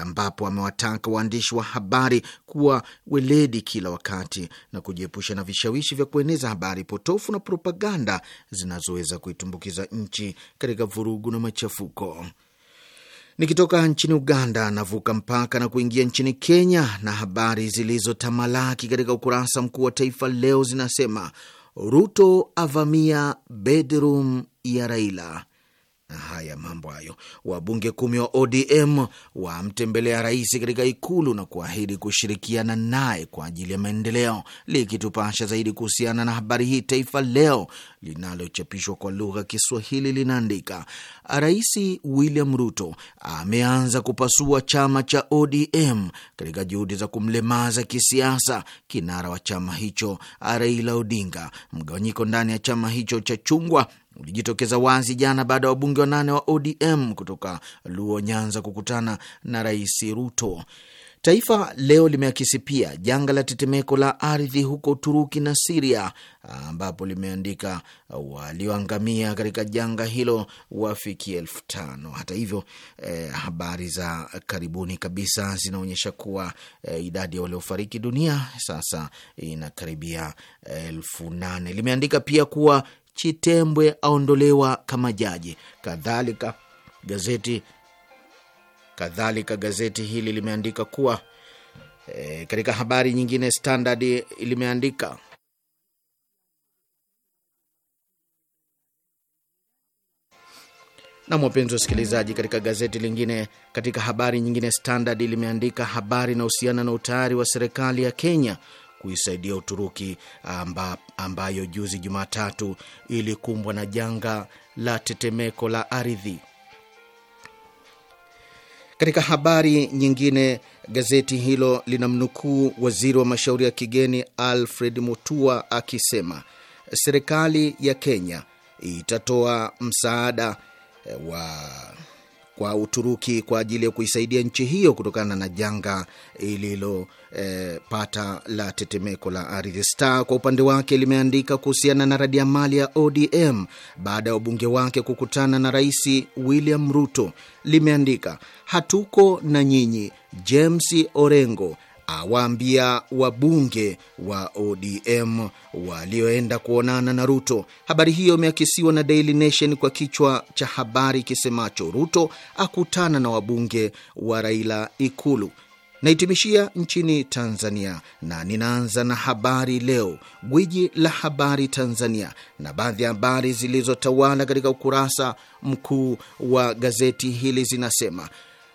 ambapo amewataka waandishi wa habari kuwa weledi kila wakati na kujiepusha na vishawishi vya kueneza habari potofu na propaganda zinazoweza kuitumbukiza nchi katika vurugu na machafuko. Nikitoka nchini Uganda navuka mpaka na kuingia nchini Kenya, na habari zilizotamalaki katika ukurasa mkuu wa Taifa Leo zinasema Ruto avamia bedroom ya Raila. Haya mambo hayo. Wabunge kumi wa ODM wamtembelea rais katika Ikulu na kuahidi kushirikiana naye kwa ajili ya maendeleo. Likitupasha zaidi kuhusiana na habari hii, Taifa Leo linalochapishwa kwa lugha ya Kiswahili linaandika, Rais William Ruto ameanza kupasua chama cha ODM katika juhudi za kumlemaza kisiasa kinara wa chama hicho Raila Odinga. Mgawanyiko ndani ya chama hicho cha chungwa ulijitokeza wazi jana baada ya wabunge wanane wa ODM kutoka Luo Nyanza kukutana na Rais Ruto. Taifa Leo limeakisi pia janga la tetemeko la ardhi huko Uturuki na Siria, ambapo limeandika walioangamia katika janga hilo wafikia elfu tano. Hata hivyo, eh, habari za karibuni kabisa zinaonyesha kuwa eh, idadi ya waliofariki dunia sasa inakaribia eh, elfu nane. Limeandika pia kuwa Chitembwe aondolewa kama jaji. Kadhalika gazeti kadhalika gazeti hili limeandika kuwa e, katika habari nyingine Standard limeandika na wapenzi wasikilizaji, katika gazeti lingine, katika habari nyingine Standard limeandika habari inahusiana na utayari wa serikali ya Kenya kuisaidia Uturuki amba, ambayo juzi Jumatatu ilikumbwa na janga la tetemeko la ardhi. Katika habari nyingine, gazeti hilo linamnukuu waziri wa mashauri ya kigeni Alfred Mutua akisema serikali ya Kenya itatoa msaada wa kwa Uturuki kwa ajili ya kuisaidia nchi hiyo kutokana na janga ililopata eh, e, la tetemeko la ardhi. Star kwa upande wake limeandika kuhusiana na mali ya ODM baada ya wabunge wake kukutana na Rais William Ruto, limeandika hatuko na nyinyi, James Orengo awaambia wabunge wa ODM walioenda kuonana na Ruto. Habari hiyo imeakisiwa na Daily Nation kwa kichwa cha habari kisemacho Ruto akutana na wabunge wa Raila Ikulu. Naitimishia nchini Tanzania na ninaanza na Habari Leo, gwiji la habari Tanzania, na baadhi ya habari zilizotawala katika ukurasa mkuu wa gazeti hili zinasema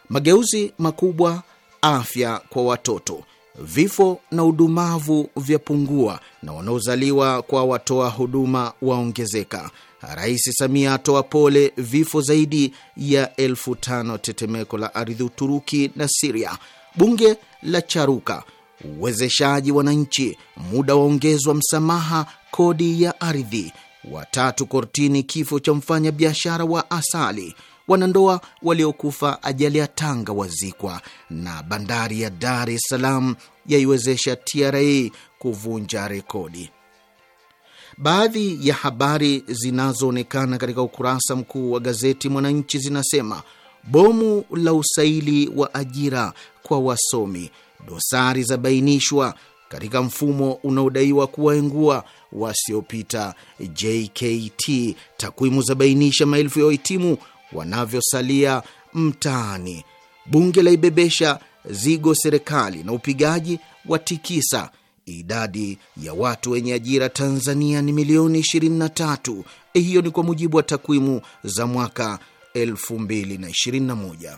mageuzi makubwa afya kwa watoto, vifo na udumavu vyapungua na wanaozaliwa kwa watoa huduma waongezeka. Rais Samia atoa pole vifo zaidi ya elfu tano tetemeko la ardhi Uturuki na Siria. Bunge la charuka uwezeshaji wananchi, muda waongezwa msamaha kodi ya ardhi. Watatu kortini kifo cha mfanya biashara wa asali wanandoa waliokufa ajali ya Tanga wazikwa, na bandari ya Dar es Salaam yaiwezesha TRA kuvunja rekodi. Baadhi ya habari zinazoonekana katika ukurasa mkuu wa gazeti Mwananchi zinasema bomu la usaili wa ajira kwa wasomi, dosari za bainishwa katika mfumo unaodaiwa kuwaengua wasiopita JKT, takwimu za bainisha maelfu ya wahitimu wanavyosalia mtaani. Bunge laibebesha zigo serikali na upigaji wa tikisa. Idadi ya watu wenye ajira Tanzania ni milioni 23. Hiyo ni kwa mujibu wa takwimu za mwaka 2021.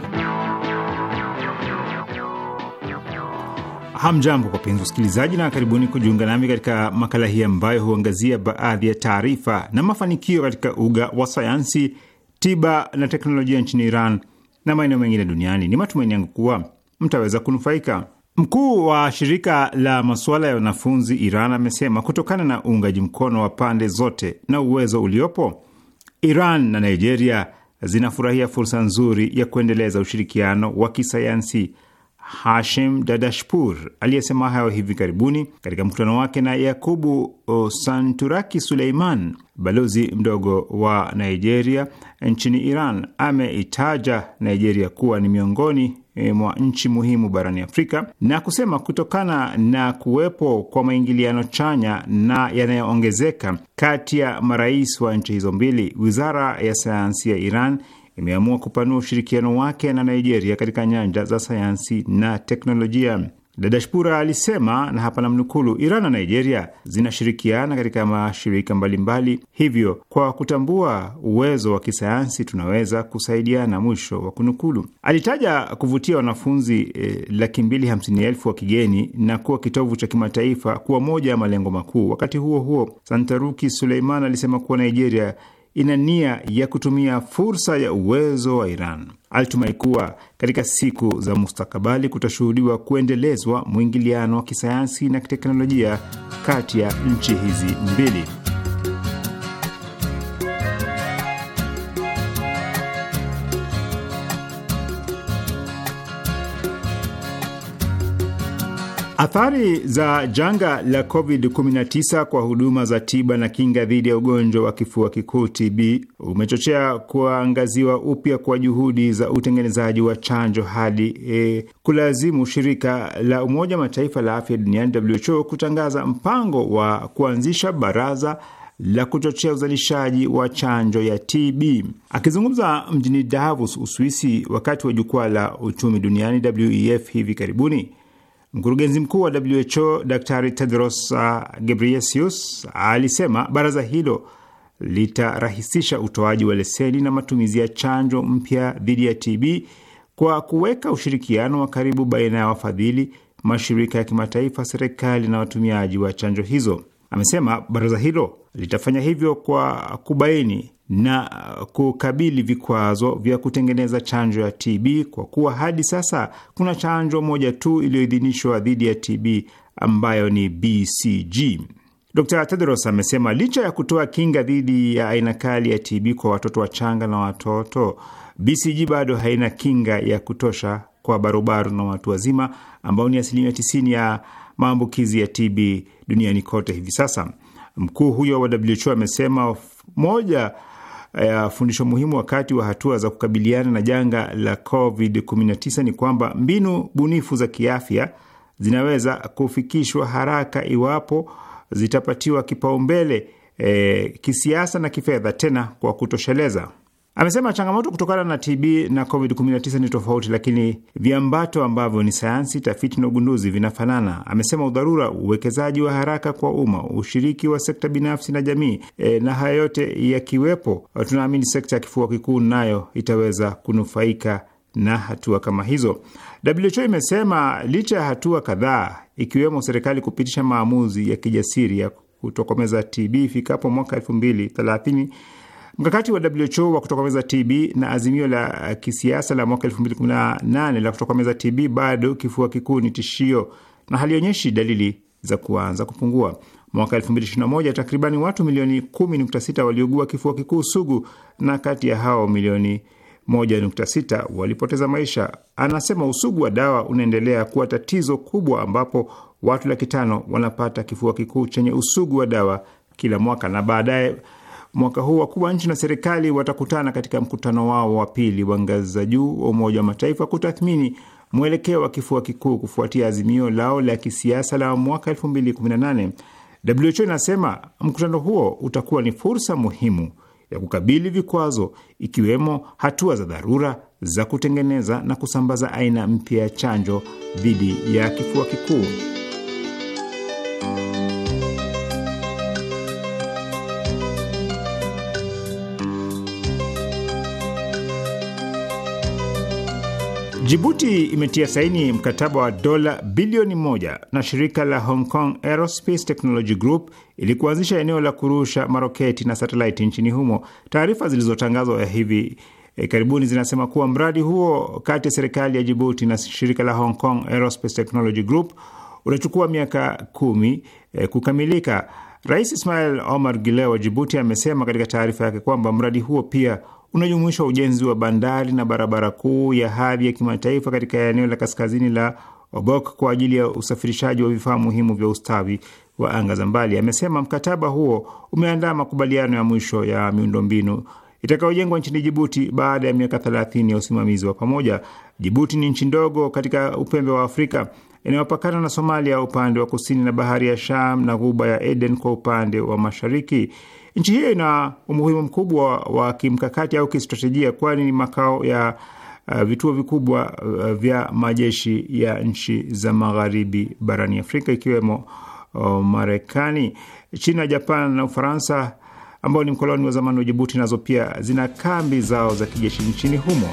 Hamjambo, wapenzi wasikilizaji, na karibuni kujiunga nami katika makala hii ambayo huangazia baadhi ya taarifa na mafanikio katika uga wa sayansi, tiba na teknolojia nchini Iran na maeneo mengine duniani. Ni matumaini yangu kuwa mtaweza kunufaika. Mkuu wa shirika la masuala ya wanafunzi Iran amesema kutokana na uungaji mkono wa pande zote na uwezo uliopo, Iran na Nigeria zinafurahia fursa nzuri ya kuendeleza ushirikiano wa kisayansi Hashim Dadashpur aliyesema hayo hivi karibuni katika mkutano wake na Yakubu Santuraki Suleiman, balozi mdogo wa Nigeria nchini Iran. Ameitaja Nigeria kuwa ni miongoni eh, mwa nchi muhimu barani Afrika na kusema kutokana na kuwepo kwa maingiliano chanya na yanayoongezeka kati ya marais wa nchi hizo mbili, wizara ya sayansi ya Iran imeamua kupanua ushirikiano wake na Nigeria katika nyanja za sayansi na teknolojia. Dadashpura alisema, na hapa namnukulu, Iran na Nigeria zinashirikiana katika mashirika mbalimbali, hivyo kwa kutambua uwezo wa kisayansi tunaweza kusaidiana, mwisho wa kunukulu. Alitaja kuvutia wanafunzi eh, laki mbili hamsini elfu wa kigeni na kuwa kitovu cha kimataifa kuwa moja ya malengo makuu. Wakati huo huo, Santaruki Suleiman alisema kuwa Nigeria ina nia ya kutumia fursa ya uwezo wa Iran. Alitumai kuwa katika siku za mustakabali kutashuhudiwa kuendelezwa mwingiliano wa kisayansi na kiteknolojia kati ya nchi hizi mbili. Athari za janga la COVID-19 kwa huduma za tiba na kinga dhidi ya ugonjwa wa kifua kikuu TB umechochea kuangaziwa upya kwa juhudi za utengenezaji wa chanjo hadi e, kulazimu shirika la Umoja wa Mataifa la afya duniani WHO kutangaza mpango wa kuanzisha baraza la kuchochea uzalishaji wa chanjo ya TB. Akizungumza mjini Davos, Uswisi, wakati wa jukwaa la uchumi duniani WEF hivi karibuni Mkurugenzi mkuu wa WHO Dr Tedros ah, Ghebreyesus alisema baraza hilo litarahisisha utoaji wa leseni na matumizi ya chanjo mpya dhidi ya TB kwa kuweka ushirikiano wa karibu baina ya wafadhili, mashirika ya kimataifa, serikali na watumiaji wa chanjo hizo. Amesema baraza hilo litafanya hivyo kwa kubaini na kukabili vikwazo vya kutengeneza chanjo ya TB kwa kuwa hadi sasa kuna chanjo moja tu iliyoidhinishwa dhidi ya TB ambayo ni BCG. Dr. Tedros amesema licha ya kutoa kinga dhidi ya aina kali ya TB kwa watoto wachanga na watoto, BCG bado haina kinga ya kutosha kwa barubaru na watu wazima ambao ni asilimia 90 ya maambukizi ya TB duniani kote hivi sasa. Mkuu huyo wa WHO amesema moja ya fundisho muhimu wakati wa hatua za kukabiliana na janga la COVID-19 ni kwamba mbinu bunifu za kiafya zinaweza kufikishwa haraka iwapo zitapatiwa kipaumbele e, kisiasa na kifedha, tena kwa kutosheleza. Amesema changamoto kutokana na TB na COVID-19 ni tofauti, lakini viambato ambavyo ni sayansi, tafiti na ugunduzi vinafanana. Amesema udharura, uwekezaji wa haraka kwa umma, ushiriki wa sekta binafsi na jamii e, na haya yote yakiwepo, tunaamini sekta ya kifua kikuu nayo itaweza kunufaika na hatua kama hizo. WHO imesema licha ya hatua kadhaa, ikiwemo serikali kupitisha maamuzi ya kijasiri ya kutokomeza TB ifikapo mwaka elfu mbili thelathini Mkakati wa WHO wa kutokomeza TB na azimio la kisiasa la mwaka 2018 la kutokomeza TB, bado kifua kikuu ni tishio na halionyeshi dalili za kuanza kupungua. Mwaka 2021 takribani watu milioni 10.6 waliugua kifua kikuu sugu na kati ya hao milioni 1.6 walipoteza maisha. Anasema usugu wa dawa unaendelea kuwa tatizo kubwa, ambapo watu laki tano wanapata kifua kikuu chenye usugu wa dawa kila mwaka na baadaye mwaka huu wakuu wa nchi na serikali watakutana katika mkutano wao wa pili wa ngazi za juu wa Umoja wa Mataifa kutathmini mwelekeo wa kifua kikuu kufuatia azimio lao la kisiasa la mwaka 2018. WHO inasema mkutano huo utakuwa ni fursa muhimu ya kukabili vikwazo, ikiwemo hatua za dharura za kutengeneza na kusambaza aina mpya ya chanjo dhidi ya kifua kikuu. Jibuti imetia saini mkataba wa dola bilioni moja na shirika la Hong Kong Aerospace Technology Group ili kuanzisha eneo la kurusha maroketi na satelaiti nchini humo. Taarifa zilizotangazwa hivi E, karibuni zinasema kuwa mradi huo kati ya serikali ya Jibuti na shirika la Hong Kong Aerospace Technology Group utachukua miaka kumi e, kukamilika. Rais Ismail Omar Gileo wa Jibuti amesema katika taarifa yake kwamba mradi huo pia unajumuisha ujenzi wa bandari na barabara kuu ya hadhi ya kimataifa katika eneo la kaskazini la Obok kwa ajili ya usafirishaji wa vifaa muhimu vya ustawi wa anga za mbali. Amesema mkataba huo umeandaa makubaliano ya mwisho ya miundombinu itakayojengwa nchini Jibuti baada ya miaka 30 ya usimamizi wa pamoja. Jibuti ni nchi ndogo katika upembe wa Afrika inayopakana na Somalia upande wa kusini na bahari ya Sham na ghuba ya Eden kwa upande wa mashariki. Nchi hiyo ina umuhimu mkubwa wa kimkakati au kistratejia, kwani ni makao ya uh, vituo vikubwa uh, vya majeshi ya nchi za magharibi barani Afrika ikiwemo uh, Marekani, China, Japan na Ufaransa ambao ni mkoloni wa zamani wa Jibuti, nazo pia zina kambi zao za kijeshi nchini humo.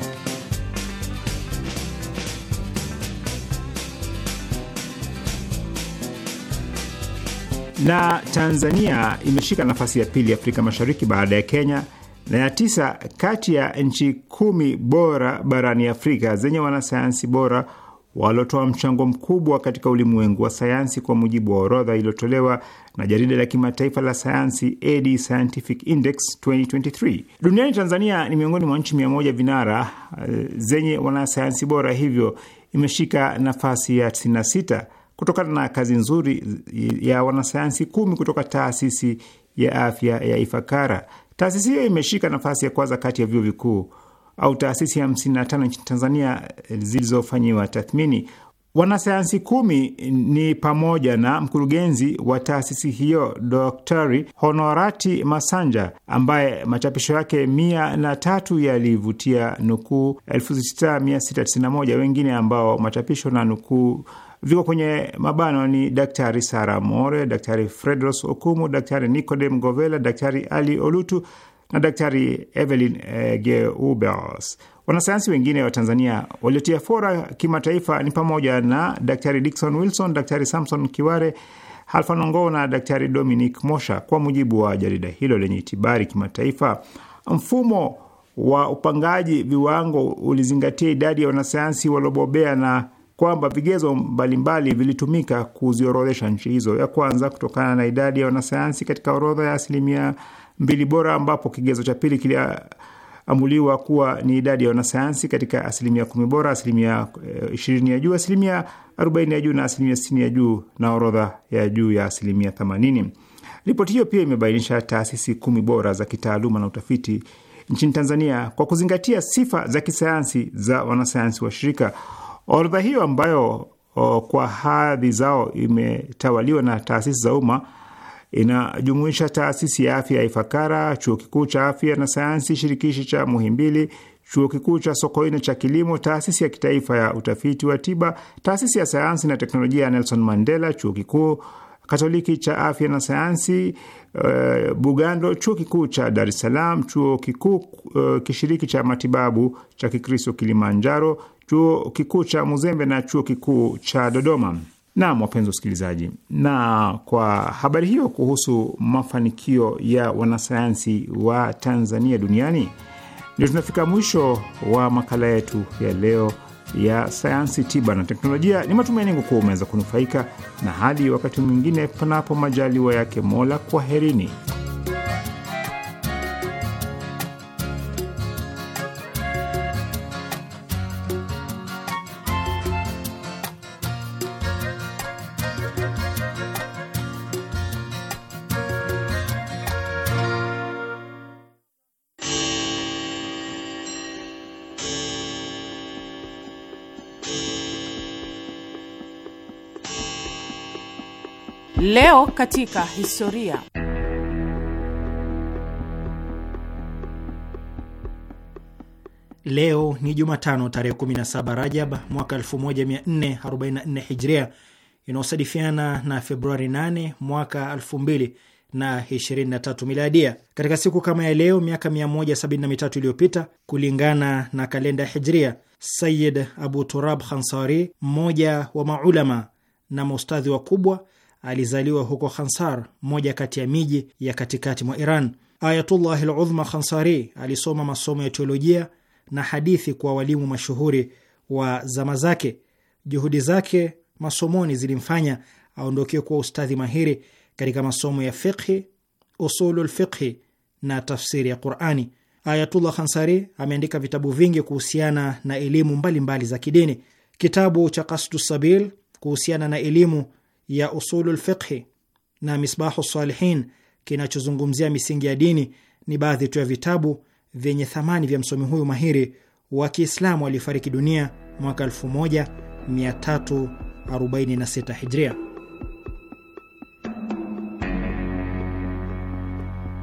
na Tanzania imeshika nafasi ya pili Afrika Mashariki baada ya Kenya na ya tisa kati ya nchi kumi bora barani Afrika zenye wanasayansi bora waliotoa mchango mkubwa katika ulimwengu wa sayansi kwa mujibu wa orodha iliyotolewa na jarida la kimataifa la sayansi AD Scientific Index 2023. Duniani, Tanzania ni miongoni mwa nchi mia moja vinara eh, zenye wanasayansi bora, hivyo imeshika nafasi ya 96 kutokana na kazi nzuri ya wanasayansi kumi kutoka taasisi ya afya ya Ifakara. Taasisi hiyo imeshika nafasi ya kwanza kati ya vyuo vikuu au taasisi 55 nchini Tanzania eh, zilizofanyiwa tathmini. Wanasayansi kumi ni pamoja na mkurugenzi wa taasisi hiyo Daktari Honorati Masanja ambaye machapisho yake mia na tatu yalivutia nukuu 6691 wengine ambao machapisho na nukuu viko kwenye mabano ni Daktari Sara More, Daktari Fredros Okumu, Daktari Nicodem Govela, Daktari Ali Olutu na Daktari Evelyn eh, Geubels. Wanasayansi wengine wa Tanzania waliotia fora kimataifa ni pamoja na Daktari Dikson Wilson, Daktari Samson Kiware Halfanongo na Daktari Dominic Mosha. Kwa mujibu wa jarida hilo lenye itibari kimataifa, mfumo wa upangaji viwango ulizingatia idadi ya wanasayansi waliobobea na kwamba vigezo mbalimbali vilitumika kuziorodhesha nchi hizo. Ya kwanza kutokana na idadi ya wanasayansi katika orodha ya asilimia mbili bora, ambapo kigezo cha pili kiliamuliwa kuwa ni idadi ya wanasayansi katika asilimia kumi bora, asilimia eh, ishirini ya juu, asilimia arobaini ya juu na asilimia sitini ya juu, na orodha ya juu ya asilimia themanini. Ripoti hiyo pia imebainisha taasisi kumi bora za kitaaluma na utafiti nchini Tanzania kwa kuzingatia sifa za kisayansi za wanasayansi wa shirika. Orodha hiyo ambayo o, kwa hadhi zao imetawaliwa na taasisi za umma inajumuisha taasisi ya afya ya Ifakara, chuo kikuu cha afya na sayansi shirikishi cha Muhimbili, chuo kikuu cha Sokoine cha kilimo, taasisi ya kitaifa ya utafiti wa tiba, taasisi ya sayansi na teknolojia ya Nelson Mandela, chuo kikuu Katoliki cha afya na sayansi uh, Bugando, chuo kikuu cha Dar es Salaam, chuo kikuu uh, kishiriki cha matibabu cha Kikristo Kilimanjaro, chuo kikuu cha Muzembe na chuo kikuu cha Dodoma. Naam, wapenzi wasikilizaji, na kwa habari hiyo kuhusu mafanikio ya wanasayansi wa Tanzania duniani, ndio tunafika mwisho wa makala yetu ya leo ya sayansi, tiba na teknolojia. Ni matumaini yangu kuwa umeweza kunufaika, na hadi wakati mwingine, panapo majaliwa yake Mola, kwaherini. Leo katika historia. Leo ni Jumatano tarehe 17 Rajab mwaka 1444 Hijria, inayosadifiana na Februari 8 mwaka 2023 Miladia. Katika siku kama ya leo miaka 173 iliyopita kulingana na kalenda ya Hijria, Sayid Abu Turab Khansari, mmoja wa maulama na maustadhi wakubwa alizaliwa huko Khansar, moja kati ya miji ya katikati mwa Iran. Ayatullah al Khansari alisoma masomo ya teolojia na hadithi kwa walimu mashuhuri wa zama zake. Juhudi zake masomoni zilimfanya aondokee kuwa ustadhi mahiri katika masomo ya fiqhi, usulul fiqhi na tafsiri ya Qurani. Ayatullah Khansari ameandika vitabu vingi kuhusiana na elimu mbalimbali za kidini. Kitabu cha Kasdu Sabil kuhusiana na elimu ya Usulu lfiqhi na Misbahu Salihin kinachozungumzia misingi ya dini ni baadhi tu ya vitabu vyenye thamani vya msomi huyu mahiri wa Kiislamu aliyefariki dunia mwaka 1346 Hijria.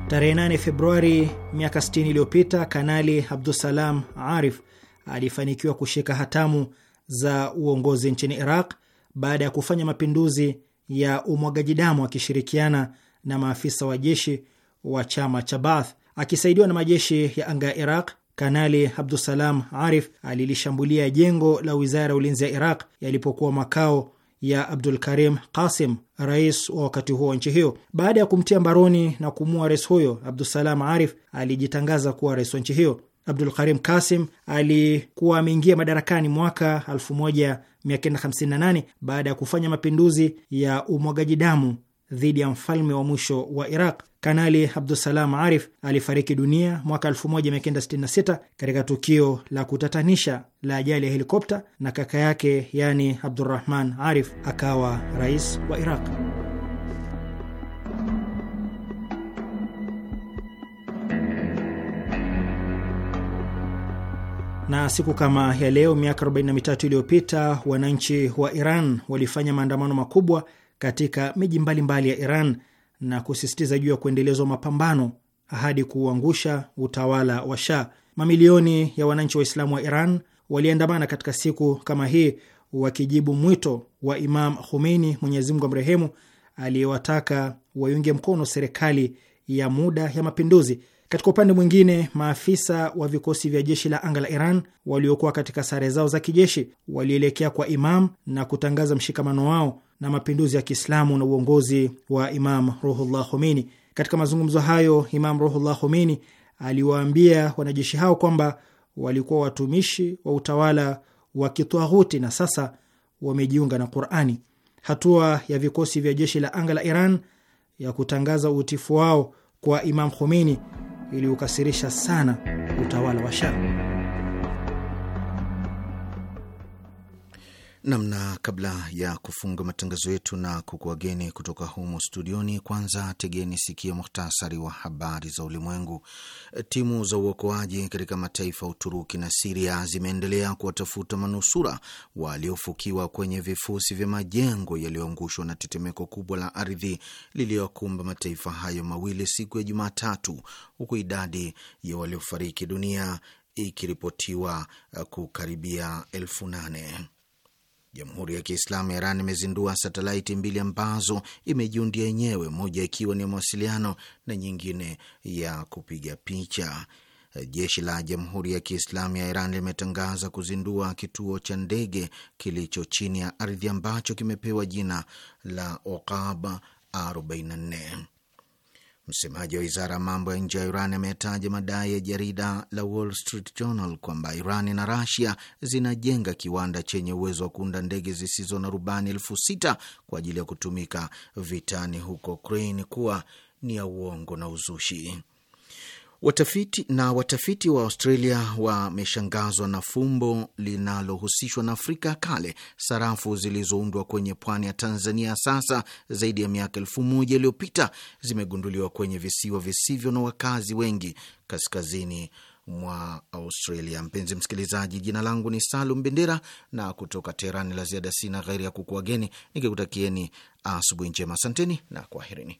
Tarehe 8 Februari miaka 60 iliyopita, Kanali Abdusalam Arif alifanikiwa kushika hatamu za uongozi nchini Iraq baada ya kufanya mapinduzi ya umwagaji damu akishirikiana na maafisa wa jeshi wa chama cha Baath akisaidiwa na majeshi ya anga ya Iraq. Kanali Abdusalam Arif alilishambulia jengo la wizara ya ulinzi ya Iraq yalipokuwa makao ya Abdul Karim Qasim, rais wa wakati huo wa nchi hiyo. Baada ya kumtia mbaroni na kumua rais huyo, Abdusalam Arif alijitangaza kuwa rais wa nchi hiyo. Abdul Karim Kasim alikuwa ameingia madarakani mwaka 1958 baada ya kufanya mapinduzi ya umwagaji damu dhidi ya mfalme wa mwisho wa Iraq. Kanali Abdusalam Arif alifariki dunia mwaka 1966 katika tukio la kutatanisha la ajali ya helikopta, na kaka yake yani Abdurrahman Arif akawa rais wa Iraq. Na siku kama ya leo miaka 43 iliyopita wananchi wa Iran walifanya maandamano makubwa katika miji mbalimbali ya Iran na kusisitiza juu ya kuendelezwa mapambano hadi kuuangusha utawala wa Shah. Mamilioni ya wananchi Waislamu wa Iran waliandamana katika siku kama hii wakijibu mwito wa Imam Khomeini, Mwenyezi Mungu amrehemu, aliyewataka waiunge mkono serikali ya muda ya mapinduzi. Katika upande mwingine, maafisa wa vikosi vya jeshi la anga la Iran waliokuwa katika sare zao za kijeshi walielekea kwa Imam na kutangaza mshikamano wao na mapinduzi ya Kiislamu na uongozi wa Imam Ruhullah Khomeini. Katika mazungumzo hayo, Imam Ruhullah Khomeini aliwaambia wanajeshi hao kwamba walikuwa watumishi wa utawala wa kitwaghuti na sasa wamejiunga na Qurani. Hatua ya vikosi vya jeshi la anga la Iran ya kutangaza uutifu wao kwa Imam Khomeini iliukasirisha sana utawala wa Shah. namna. Kabla ya kufunga matangazo yetu na kukuageni kutoka humo studioni, kwanza tegeni sikia muhtasari wa habari za ulimwengu. Timu za uokoaji katika mataifa ya Uturuki na Siria zimeendelea kuwatafuta manusura waliofukiwa kwenye vifusi vya majengo yaliyoangushwa na tetemeko kubwa la ardhi liliyokumba mataifa hayo mawili siku ya Jumatatu, huku idadi ya waliofariki dunia ikiripotiwa kukaribia elfu nane. Jamhuri ya Kiislamu ya Iran imezindua satelaiti mbili ambazo imejiundia yenyewe, moja ikiwa ni ya mawasiliano na nyingine ya kupiga picha. Jeshi la Jamhuri ya Kiislamu ya Iran limetangaza kuzindua kituo cha ndege kilicho chini ya ardhi ambacho kimepewa jina la Oqab 44. Msemaji wa wizara ya mambo ya nje ya Iran ametaja madai ya jarida la Wall Street Journal kwamba Iran na Rasia zinajenga kiwanda chenye uwezo wa kuunda ndege zisizo na rubani elfu sita kwa ajili ya kutumika vitani huko Ukraine kuwa ni ya uongo na uzushi. Watafiti na watafiti wa Australia wameshangazwa na fumbo linalohusishwa na Afrika ya kale, sarafu zilizoundwa kwenye pwani ya Tanzania sasa zaidi ya miaka elfu moja iliyopita zimegunduliwa kwenye visiwa visivyo na wakazi wengi kaskazini mwa Australia. Mpenzi msikilizaji, jina langu ni Salum Bendera na kutoka Teherani la ziada sina ghairi ya kukuageni nikikutakieni asubuhi njema. Asanteni na kwaherini